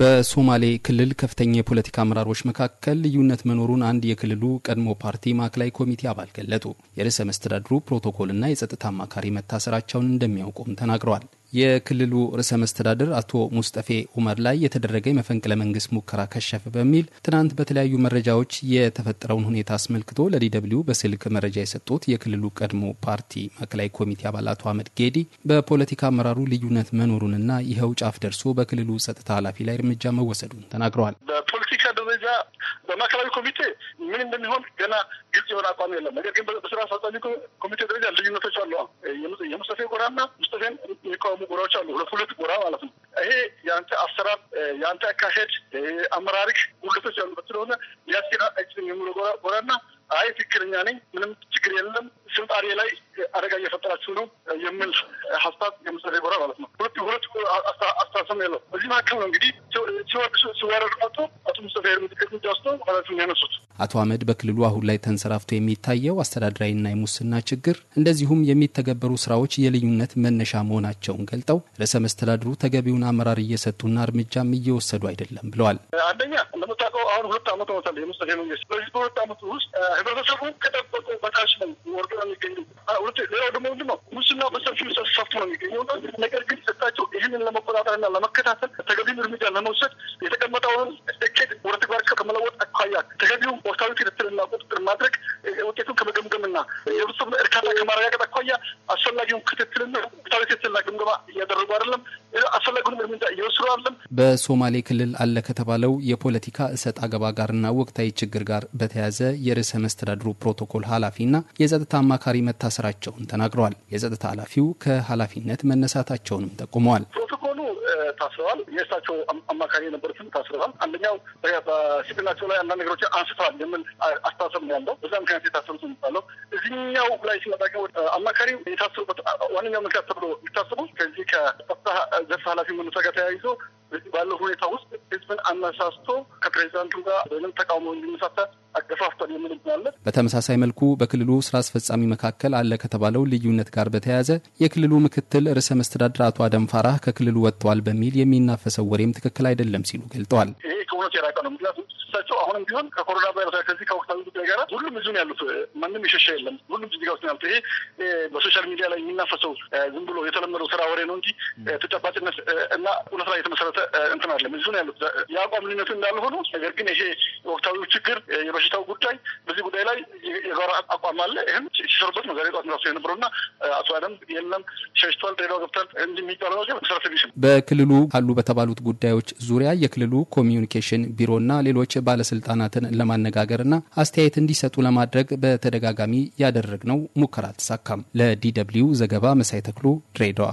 በሶማሌ ክልል ከፍተኛ የፖለቲካ አመራሮች መካከል ልዩነት መኖሩን አንድ የክልሉ ቀድሞ ፓርቲ ማዕከላዊ ኮሚቴ አባል ገለጡ። የርዕሰ መስተዳድሩ ፕሮቶኮልና የጸጥታ አማካሪ መታሰራቸውን እንደሚያውቁም ተናግረዋል። የክልሉ ርዕሰ መስተዳድር አቶ ሙስጠፌ ኡመር ላይ የተደረገ የመፈንቅለ መንግስት ሙከራ ከሸፈ በሚል ትናንት በተለያዩ መረጃዎች የተፈጠረውን ሁኔታ አስመልክቶ ለዲ በስልክ መረጃ የሰጡት የክልሉ ቀድሞ ፓርቲ ማዕከላዊ ኮሚቴ አባል አቶ አህመድ ጌዲ በፖለቲካ አመራሩ ልዩነት መኖሩንና ይኸው ጫፍ ደርሶ በክልሉ ጸጥታ ኃላፊ ላይ እርምጃ መወሰዱን ተናግረዋል። በማዕከላዊ ኮሚቴ ምን እንደሚሆን ገና ግልጽ የሆነ አቋም የለም። ነገር ግን በስራ አስፈጻሚ ኮሚቴ ደረጃ ልዩነቶች አሉ። የሙስጠፌ ጎራና ሙስተፌን የሚቃወሙ ጎራዎች አሉ። ሁለት ሁለት ጎራ ማለት ነው። ይሄ የአንተ አሰራር፣ የአንተ አካሄድ፣ አመራሪክ ጉድለቶች ያሉበት ስለሆነ ሊያስኬድ አይችልም የሚለው ጎራና አይ ትክክለኛ ነኝ ምንም ችግር የለም ስልጣኔ ላይ አደጋ እያደረጋችሁ ነው የሚል ሀሳብ የምሰር ይጎራ ማለት ነው። ሁለት ሁለት አስተሳሰብ ያለው በዚህ መካከል ነው እንግዲህ ሲወርድ ሲወረድ መጥቶ አቶ ሙስጠፋ የእርምት እርምጃ ወስዶ ማለት ያነሱት አቶ አህመድ በክልሉ አሁን ላይ ተንሰራፍቶ የሚታየው አስተዳደራዊና የሙስና ችግር እንደዚሁም የሚተገበሩ ስራዎች የልዩነት መነሻ መሆናቸውን ገልጠው ርዕሰ መስተዳድሩ ተገቢውን አመራር እየሰጡና እርምጃም እየወሰዱ አይደለም ብለዋል። አንደኛ እንደምታውቀው አሁን ሁለት ሆኖታል የሙስና መንግስት። በዚህ በሁለት ውስጥ ህብረተሰቡ ከጠበቁ በታች ነው ወርዶ ነው ሌላው ደግሞ ምንድን ነው ሙስና በሰፊው ሰፍቶ ነው የሚገኘው። ነገር ግን ሰጣቸው ይህንን ለመቆጣጠርና ለመከታተል ተገቢውን እርምጃ ለመውሰድ የተቀመጠውን ግጭት ወደ ተግባር ከመለወጥ አኳያ ተገቢው ወቅታዊ ክትትልና ቁጥጥር ማድረግ ውጤቱን ከመገምገምና የህብረተሰቡን እርካታ ከማረጋገጥ አኳያ አስፈላጊውን ክትትልና ወቅታዊ ክትትልና ግምገማ እያደረጉ አይደለም። አስፈላጊውን እርምጃ እየወሰዱ አይደለም። በሶማሌ ክልል አለ ከተባለው የፖለቲካ እሰጥ አገባ ጋርና ወቅታዊ ችግር ጋር በተያያዘ የርዕሰ መስተዳድሩ ፕሮቶኮል ኃላፊና የጸጥታ አማካሪ መታሰራቸውን ተናግረዋል። የጸጥታ ኃላፊው ከኃላፊነት መነሳታቸውንም ጠቁመዋል። ታስረዋል። የእሳቸው አማካሪ የነበሩትም ታስረዋል። አንደኛው በሲቪላቸው ላይ አንዳንድ ነገሮች አንስተዋል የምን አስተሳሰብ ነው ያለው። በዛ ምክንያት የታሰሩት የሚባለው እዚህኛው ላይ ሲመጣቀ አማካሪ የታሰሩበት ዋነኛው ምክንያት ተብሎ የሚታሰቡ ከዚህ ከጸጥታ ዘርፍ ኃላፊ መኖታ ጋር ተያይዞ በዚህ ባለው ሁኔታ ውስጥ ህዝብን አነሳስቶ ከፕሬዚዳንቱ ጋር ወይም ተቃውሞ እንዲመሳታ አገፋፍቷል በተመሳሳይ መልኩ በክልሉ ስራ አስፈጻሚ መካከል አለ ከተባለው ልዩነት ጋር በተያያዘ የክልሉ ምክትል ርዕሰ መስተዳድር አቶ አደም ፋራህ ከክልሉ ወጥተዋል በሚል የሚናፈሰው ወሬም ትክክል አይደለም ሲሉ ገልጠዋል። ይህ ከእውነት የራቀ ነው። ምክንያቱም እሳቸው አሁንም ቢሆን ከኮሮና ቫይረስ ከዚህ ከወቅታዊ ጉዳይ ጋር ሁሉም እዚሁ ነው ያሉት። ማንም የሸሸ የለም። ሁሉም እዚህ ጋር ውስጥ ያሉት ይሄ በሶሻል ሚዲያ ላይ የሚናፈሰው ዝም ብሎ የተለመደው ስራ ወሬ ነው እንጂ ተጨባጭነት እና እውነት ላይ የተመሰረተ እንትን አለም እዚሁ ነው ያሉት። የአቋም ልዩነቱ እንዳለ ሆኖ ነገር ግን ይሄ ወቅታዊ ችግር የበሽታው ጉዳይ በዚህ ጉዳይ ላይ የጋራ አቋም አለ። ይህም ሲሰሩበት ነው ዛሬ ጠዋት ራሱ የነበረው እና አቶ አደም የለም ሸሽቷል፣ ሌላው ገብታል እንዲህ የሚባለው ነገር መሰረተ ቢስ በክልሉ አሉ በተባሉት ጉዳዮች ዙሪያ የክልሉ ኮሚኒኬሽን ኮሚሽን ቢሮና ሌሎች ባለስልጣናትን ለማነጋገርና አስተያየት እንዲሰጡ ለማድረግ በተደጋጋሚ ያደረግነው ሙከራ አልተሳካም። ለዲ ደብልዩ ዘገባ መሳይ ተክሉ ድሬዳዋ